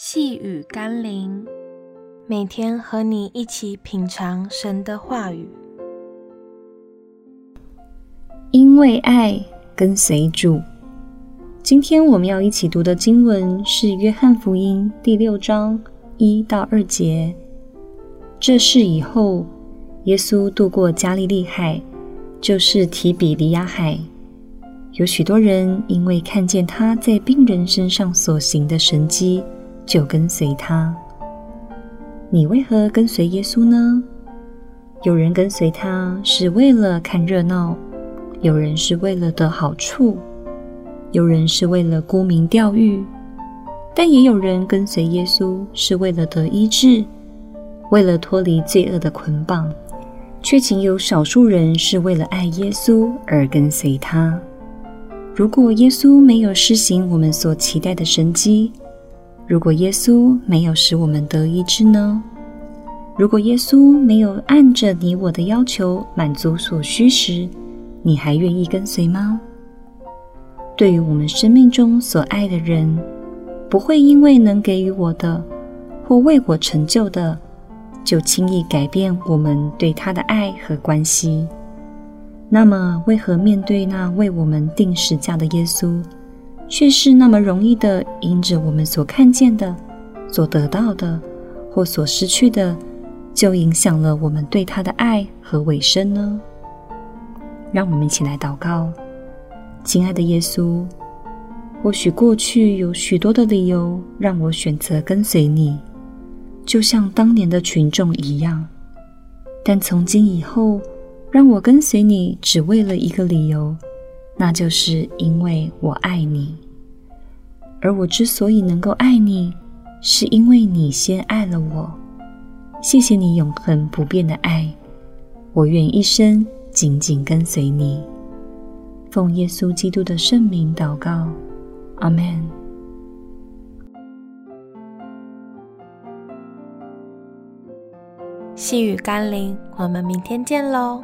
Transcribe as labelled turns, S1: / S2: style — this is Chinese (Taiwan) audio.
S1: 細語甘霖，每天和你一起品嘗神的話語。因為愛，跟隨主。今天我們要一起讀的經文是《約翰福音》第六章一到二節。這事以後，耶穌渡過加利利海，就是提比利亞海，有許多人因為看見他在病人身上所行的神蹟，就跟隨他。你為何跟隨耶穌呢？有人跟隨他是為了看熱鬧，有人是為了得好處，有人是為了沽名釣譽，但也有人跟隨耶穌是為了得醫治，為了脫離罪惡的捆綁，卻僅有少數人是為了愛耶穌而跟隨他。如果耶穌沒有施行我們所期待的神蹟，如果耶穌沒有使我們得醫治呢？如果耶穌沒有按着你我的要求滿足所需時，你還願意跟隨嗎？對於我們生命中所愛的人，不會因為能給予我的或為我成就的，就輕易改變我們對他的愛和關係。那麼，為何面對那為我們釘十架的耶穌，卻是那麼容易地，因着我們所看見的、所得到的，或所失去的，就影響了我們對他的愛和委身呢？讓我們一起來禱告，親愛的耶穌。或許過去有許多的理由讓我選擇跟隨你，就像當年的群眾一樣，但從今以後，讓我跟隨你只為了一個理由。那就是因為我愛你，而我之所以能夠愛你，是因為你先愛了我。謝謝你永恆不變的愛，我願一生緊緊跟隨你。奉耶穌基督的聖名禱告，阿們。細語甘霖，我們明天見嘍。